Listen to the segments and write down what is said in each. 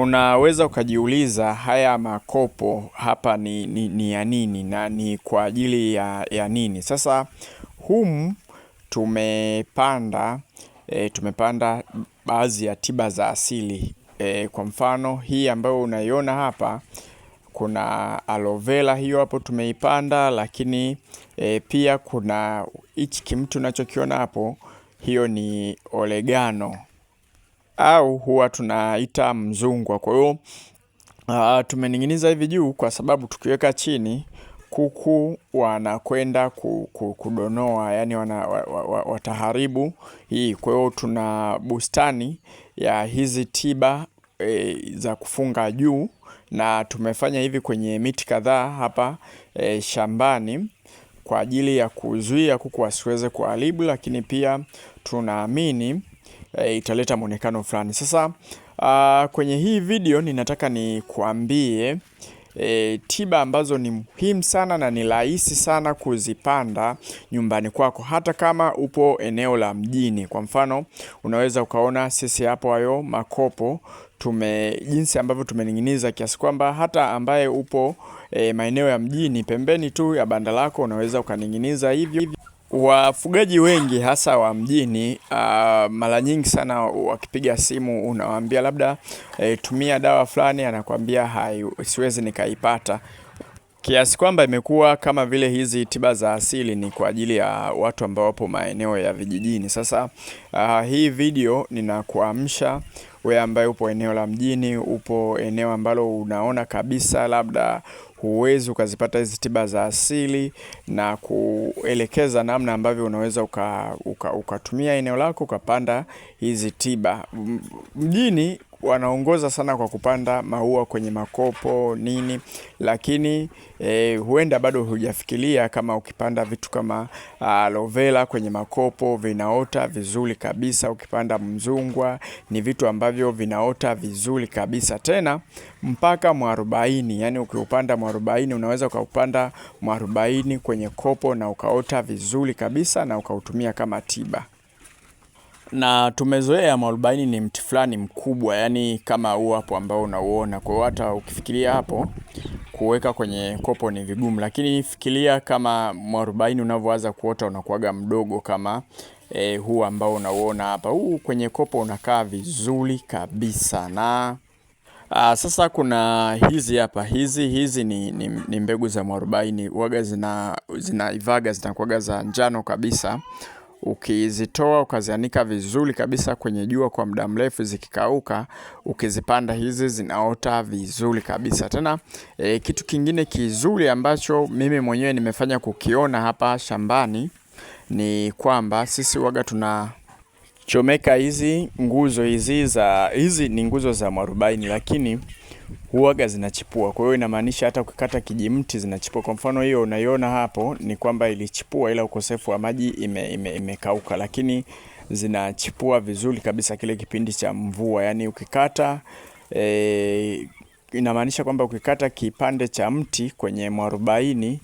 Unaweza ukajiuliza haya makopo hapa ni, ni, ni ya nini na ni kwa ajili ya, ya nini? Sasa humu tumepanda e, tumepanda baadhi ya tiba za asili e, kwa mfano hii ambayo unaiona hapa kuna aloe vera hiyo hapo tumeipanda, lakini e, pia kuna hichi kimtu unachokiona hapo, hiyo ni oregano au huwa tunaita mzungwa. Kwa hiyo uh, tumening'iniza hivi juu kwa sababu tukiweka chini kuku wanakwenda kudonoa, yani wana, wataharibu hii. Kwa hiyo tuna bustani ya hizi tiba e, za kufunga juu, na tumefanya hivi kwenye miti kadhaa hapa e, shambani kwa ajili ya kuzuia kuku wasiweze kuharibu, lakini pia tunaamini Eh, italeta mwonekano fulani. Sasa uh, kwenye hii video ninataka nikuambie E, tiba ambazo ni muhimu sana na ni rahisi sana kuzipanda nyumbani kwako, hata kama upo eneo la mjini. Kwa mfano, unaweza ukaona sisi hapo hayo makopo tume jinsi ambavyo tumening'iniza kiasi kwamba hata ambaye upo e, maeneo ya mjini pembeni tu ya banda lako unaweza ukaning'iniza hivyo. Wafugaji wengi hasa wa mjini uh, mara nyingi sana wakipiga simu unawaambia labda eh, tumia dawa fulani, anakuambia hai, siwezi nikaipata, kiasi kwamba imekuwa kama vile hizi tiba za asili ni kwa ajili ya watu ambao wapo maeneo ya vijijini. Sasa uh, hii video ninakuamsha wewe ambaye upo eneo la mjini, upo eneo ambalo unaona kabisa labda huwezi ukazipata hizi tiba za asili na kuelekeza namna ambavyo unaweza ukatumia uka, uka eneo lako ukapanda hizi tiba mjini wanaongoza sana kwa kupanda maua kwenye makopo nini, lakini e, huenda bado hujafikiria kama ukipanda vitu kama ah, aloe vera kwenye makopo vinaota vizuri kabisa. Ukipanda mzungwa ni vitu ambavyo vinaota vizuri kabisa, tena mpaka mwarobaini. Yani ukiupanda mwarobaini, unaweza ukaupanda mwarobaini kwenye kopo na ukaota vizuri kabisa na ukautumia kama tiba na tumezoea mwarobaini ni mti fulani mkubwa, yani kama huu hapo ambao unauona. Kwa hiyo hata ukifikiria hapo kuweka kwenye kopo ni vigumu, lakini fikiria kama mwarobaini unavyoanza kuota unakuwaga mdogo kama e, huu ambao unauona hapa. Huu kwenye kopo unakaa vizuri kabisa na Aa, ah, sasa kuna hizi hapa hizi hizi ni, ni, ni mbegu za mwarobaini waga zina zinaivaga zinakuwaga za njano kabisa ukizitoa ukazianika vizuri kabisa kwenye jua kwa muda mrefu, zikikauka ukizipanda hizi zinaota vizuri kabisa tena. E, kitu kingine kizuri ambacho mimi mwenyewe nimefanya kukiona hapa shambani ni kwamba sisi waga tuna chomeka hizi nguzo hizi za hizi ni nguzo za mwarobaini lakini huaga zinachipua. Kwa hiyo inamaanisha hata ukikata kijimti zinachipua. Kwa mfano hiyo unaiona hapo ni kwamba ilichipua, ila ukosefu wa maji imekauka, ime, ime lakini zinachipua vizuri kabisa kile kipindi cha mvua. Yani ukikata e, inamaanisha kwamba ukikata kipande cha mti kwenye mwarobaini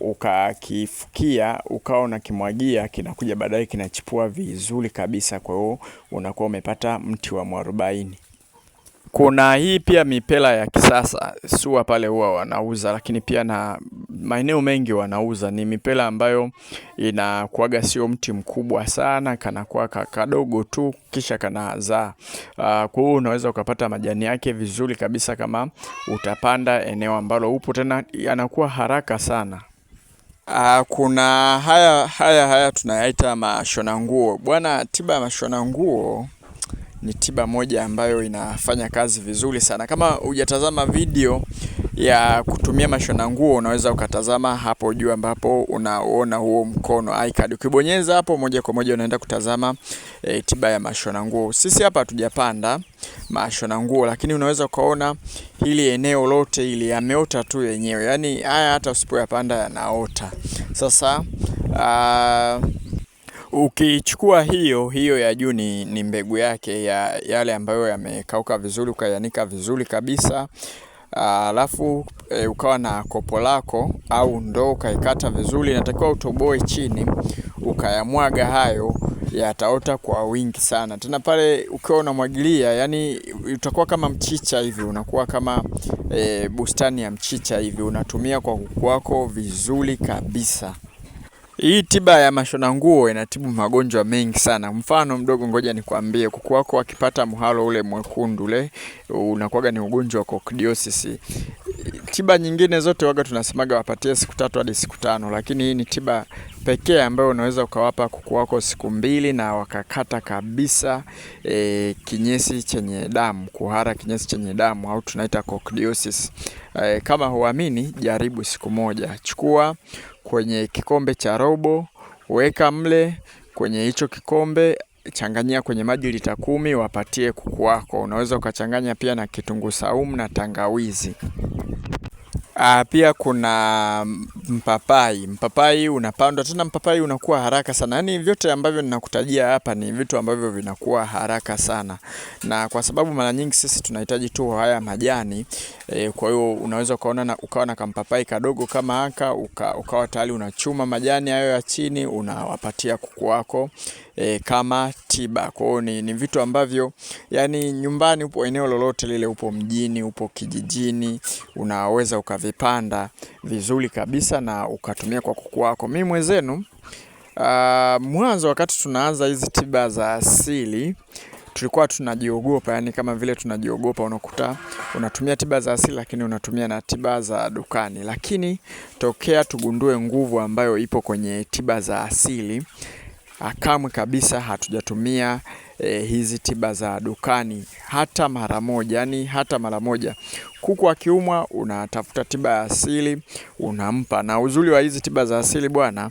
ukakifukia ukawa unakimwagia kinakuja baadaye kinachipua vizuri kabisa. Kwa hiyo unakuwa umepata mti wa mwarobaini. Kuna hii pia mipela ya kisasa SUA pale huwa wanauza, lakini pia na maeneo mengi wanauza. Ni mipela ambayo inakuaga sio mti mkubwa sana, kanakuwa kadogo tu, kisha kanazaa. Ah, kwa hiyo unaweza ukapata majani yake vizuri kabisa kama utapanda eneo ambalo upo, tena yanakuwa haraka sana. Ah, kuna haya haya haya tunayaita mashona nguo bwana, tiba ya mashona nguo ni tiba moja ambayo inafanya kazi vizuri sana. Kama hujatazama video ya kutumia mashona nguo, unaweza ukatazama hapo juu ambapo unaona huo mkono icard. Ukibonyeza hapo moja kwa moja unaenda kutazama e, tiba ya mashona nguo. Sisi hapa hatujapanda mashona nguo, lakini unaweza ukaona hili eneo lote ili yameota tu yenyewe, yaani haya hata usipoyapanda yanaota. Sasa uh, Ukichukua hiyo hiyo ya juu ni, ni mbegu yake ya yale ambayo yamekauka vizuri ukayanika vizuri kabisa alafu e, ukawa na kopo lako au ndoo ukaikata vizuri, natakiwa utoboe chini ukayamwaga hayo, yataota kwa wingi sana. Tena pale ukiwa unamwagilia, yani utakuwa kama mchicha hivi, unakuwa kama e, bustani ya mchicha hivi, unatumia kwa kuku wako vizuri kabisa. Hii tiba ya mashona nguo inatibu magonjwa mengi sana. Mfano mdogo, ngoja nikwambie, kuku wako akipata mhalo ule mwekundu ule unakuwaga ni ugonjwa wa coccidiosis. Tiba nyingine zote waga tunasemaga wapatie siku tatu hadi siku tano, lakini hii ni tiba pekee ambayo unaweza ukawapa kuku wako siku mbili na wakakata kabisa e, kinyesi chenye damu, kuhara kinyesi chenye damu au tunaita coccidiosis. E, kama huamini jaribu siku moja, chukua kwenye kikombe cha robo, weka mle kwenye hicho kikombe, changanyia kwenye maji lita kumi, wapatie kuku wako. Unaweza ukachanganya pia na kitunguu saumu na tangawizi. Uh, pia kuna mpapai. Mpapai unapandwa tena, mpapai unakuwa haraka sana. Yaani vyote ambavyo ninakutajia hapa ni vitu ambavyo vinakuwa haraka sana, na kwa sababu mara nyingi sisi tunahitaji tu haya majani e, kwa hiyo unaweza ukaona na ukawa na kampapai kadogo kama haka uka, ukawa tayari unachuma majani hayo ya chini unawapatia kuku wako e, kama tiba. Kwa hiyo ni, ni vitu ambavyo yani nyumbani, upo eneo lolote lile, upo mjini, upo kijijini, unaweza ukavi kuvipanda vizuri kabisa na ukatumia kwa kuku wako. Mimi mwenzenu uh, ah, mwanzo wakati tunaanza hizi tiba za asili tulikuwa tunajiogopa, yani kama vile tunajiogopa, unakuta unatumia tiba za asili lakini unatumia na tiba za dukani. Lakini tokea tugundue nguvu ambayo ipo kwenye tiba za asili, akamwe ah, kabisa hatujatumia e, hizi tiba za dukani hata mara moja, yani hata mara moja. Kuku akiumwa unatafuta tiba ya asili unampa, na uzuri wa hizi tiba za asili bwana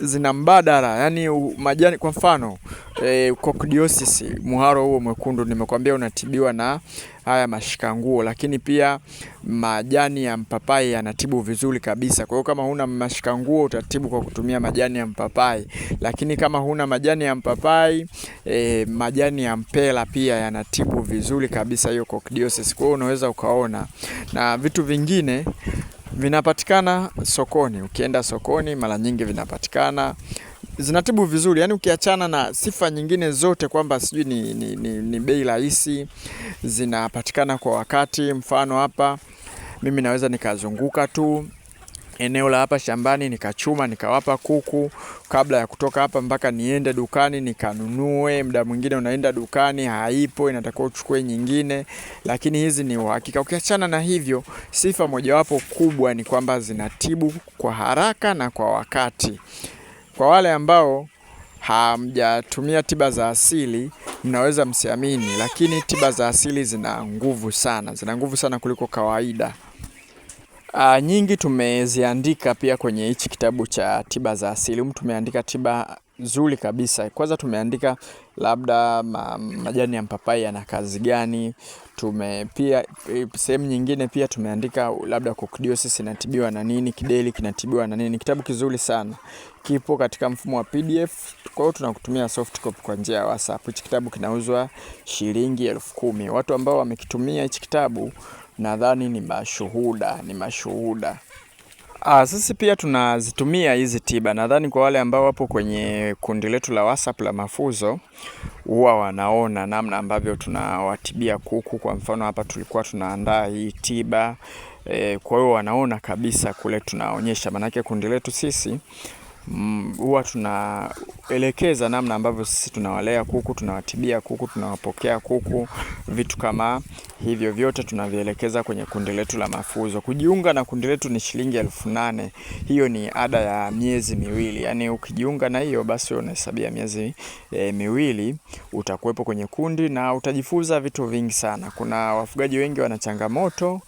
zina mbadala, yani majani. Kwa mfano e, kokidiosis, muharo huo mwekundu nimekwambia unatibiwa na haya mashikanguo, lakini pia majani ya mpapai yanatibu vizuri kabisa. Kwa hiyo kama huna mashikanguo utatibu kwa kutumia majani ya mpapai, lakini kama huna majani ya mpapai e, majani ya mpela pia yanatibu vizuri kabisa hiyo kokidiosis. Kwa hiyo unaweza ukaona na vitu vingine vinapatikana sokoni. Ukienda sokoni, mara nyingi vinapatikana, zinatibu vizuri, yaani ukiachana na sifa nyingine zote kwamba sijui ni, ni, ni, ni bei rahisi, zinapatikana kwa wakati. Mfano hapa mimi naweza nikazunguka tu eneo la hapa shambani nikachuma nikawapa kuku kabla ya kutoka hapa mpaka niende dukani nikanunue. Muda mwingine unaenda dukani haipo, inatakiwa uchukue nyingine, lakini hizi ni uhakika. Ukiachana na hivyo, sifa mojawapo kubwa ni kwamba zinatibu kwa haraka na kwa wakati. Kwa wale ambao hamjatumia tiba za asili mnaweza msiamini, lakini tiba za asili zina nguvu sana, zina nguvu sana kuliko kawaida. Uh, nyingi tumeziandika pia kwenye hichi kitabu cha tiba za asili. Humu tumeandika tiba nzuri kabisa. Kwanza tumeandika labda ma, majani ya mpapai yana kazi gani. Tume pia sehemu nyingine pia tumeandika labda kokidiosis inatibiwa na nini, kideli kinatibiwa na nini. Kitabu kizuri sana, kipo katika mfumo wa PDF. Kwa hiyo tunakutumia soft copy kwa njia ya WhatsApp. Hichi kitabu kinauzwa shilingi elfu kumi. Watu ambao wamekitumia hichi kitabu nadhani ni mashuhuda, ni mashuhuda. Ah, sisi pia tunazitumia hizi tiba. Nadhani kwa wale ambao wapo kwenye kundi letu la WhatsApp la mafuzo huwa wanaona namna ambavyo tunawatibia kuku. Kwa mfano hapa tulikuwa tunaandaa hii tiba e, kwa hiyo wanaona kabisa kule tunaonyesha, maanake kundi letu sisi Mm, huwa tunaelekeza namna ambavyo sisi tunawalea kuku, tunawatibia kuku, tunawapokea kuku, vitu kama hivyo vyote tunavielekeza kwenye kundi letu la mafunzo. Kujiunga na kundi letu ni shilingi elfu nane. Hiyo ni ada ya miezi miwili, yaani ukijiunga na hiyo basi unahesabia miezi e, miwili utakuwepo kwenye kundi na utajifunza vitu vingi sana. Kuna wafugaji wengi wana changamoto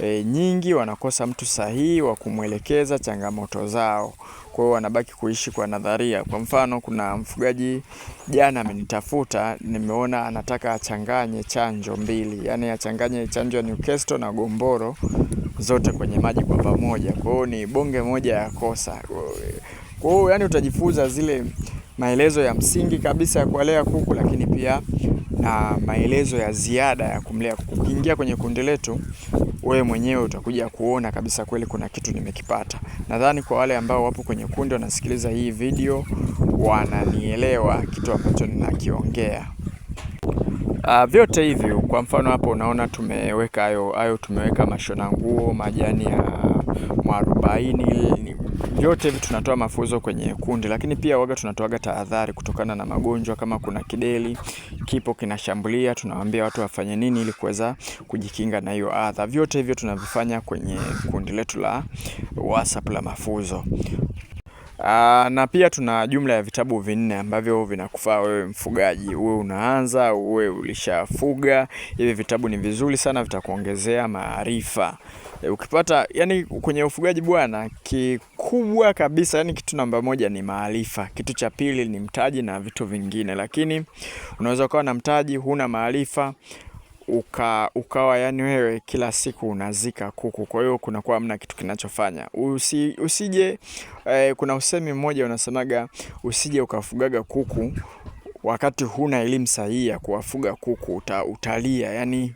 e, nyingi wanakosa mtu sahihi wa kumwelekeza changamoto zao, kwa hiyo wanabaki kuishi kwa nadharia. Kwa mfano, kuna mfugaji jana amenitafuta, nimeona anataka achanganye chanjo mbili, yaani achanganye chanjo ya Newcastle na Gomboro zote kwenye maji kwa pamoja. Kwa hiyo ni bonge moja ya kosa. Kwa hiyo yani utajifunza zile maelezo ya msingi kabisa ya kuwalea kuku, lakini pia na maelezo ya ziada ya kumlea. Ukiingia kwenye kundi letu, wewe mwenyewe utakuja kuona kabisa kweli kuna kitu nimekipata. Nadhani kwa wale ambao wapo kwenye kundi wanasikiliza hii video wananielewa kitu ambacho ninakiongea. Uh, vyote hivi kwa mfano hapo unaona tumeweka hayo hayo, tumeweka mashona nguo, majani ya mwarobaini vyote hivi tunatoa mafunzo kwenye kundi, lakini pia waga tunatoaga tahadhari kutokana na magonjwa. Kama kuna kideli kipo kinashambulia, tunawaambia watu wafanye nini ili kuweza kujikinga na hiyo adha. Vyote hivyo tunavifanya kwenye kundi letu la WhatsApp la mafunzo. Aa, na pia tuna jumla ya vitabu vinne ambavyo vinakufaa wewe mfugaji, uwe unaanza, uwe ulishafuga. Hivi vitabu ni vizuri sana, vitakuongezea maarifa. Eh, ukipata yani, kwenye ufugaji bwana, kikubwa kabisa yani kitu namba moja ni maarifa, kitu cha pili ni mtaji na vitu vingine, lakini unaweza ukawa na mtaji huna maarifa uka, ukawa yani wewe kila siku unazika kuku, kwa hiyo kunakuwa hamna kitu kinachofanya usi, usije eh, kuna usemi mmoja unasemaga usije ukafugaga kuku wakati huna elimu sahihi ya kuwafuga kuku uta, utalia yani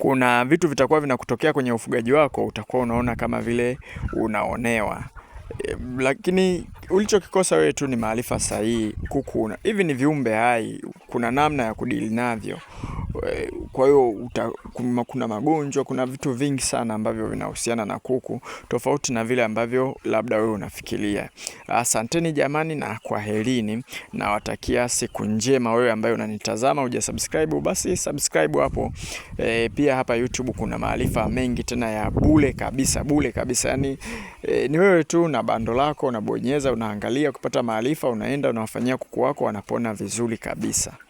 kuna vitu vitakuwa vinakutokea kwenye ufugaji wako, utakuwa unaona kama vile unaonewa e, lakini ulichokikosa wewe tu ni maarifa sahihi. Kuku hivi ni viumbe hai, kuna namna ya kudili navyo. Kwa hiyo kuna magonjwa, kuna vitu vingi sana ambavyo vinahusiana na kuku, tofauti na vile ambavyo labda wewe unafikiria. Asanteni jamani na kwaherini, nawatakia siku njema. Wewe ambaye unanitazama subscribe, basi subscribe hapo. E, pia hapa YouTube kuna maarifa mengi tena ya bule kabisa, bule kabisa, yani e, ni wewe tu na bando lako unabonyeza, unaangalia kupata maarifa, unaenda unawafanyia kuku wako wanapona vizuri kabisa.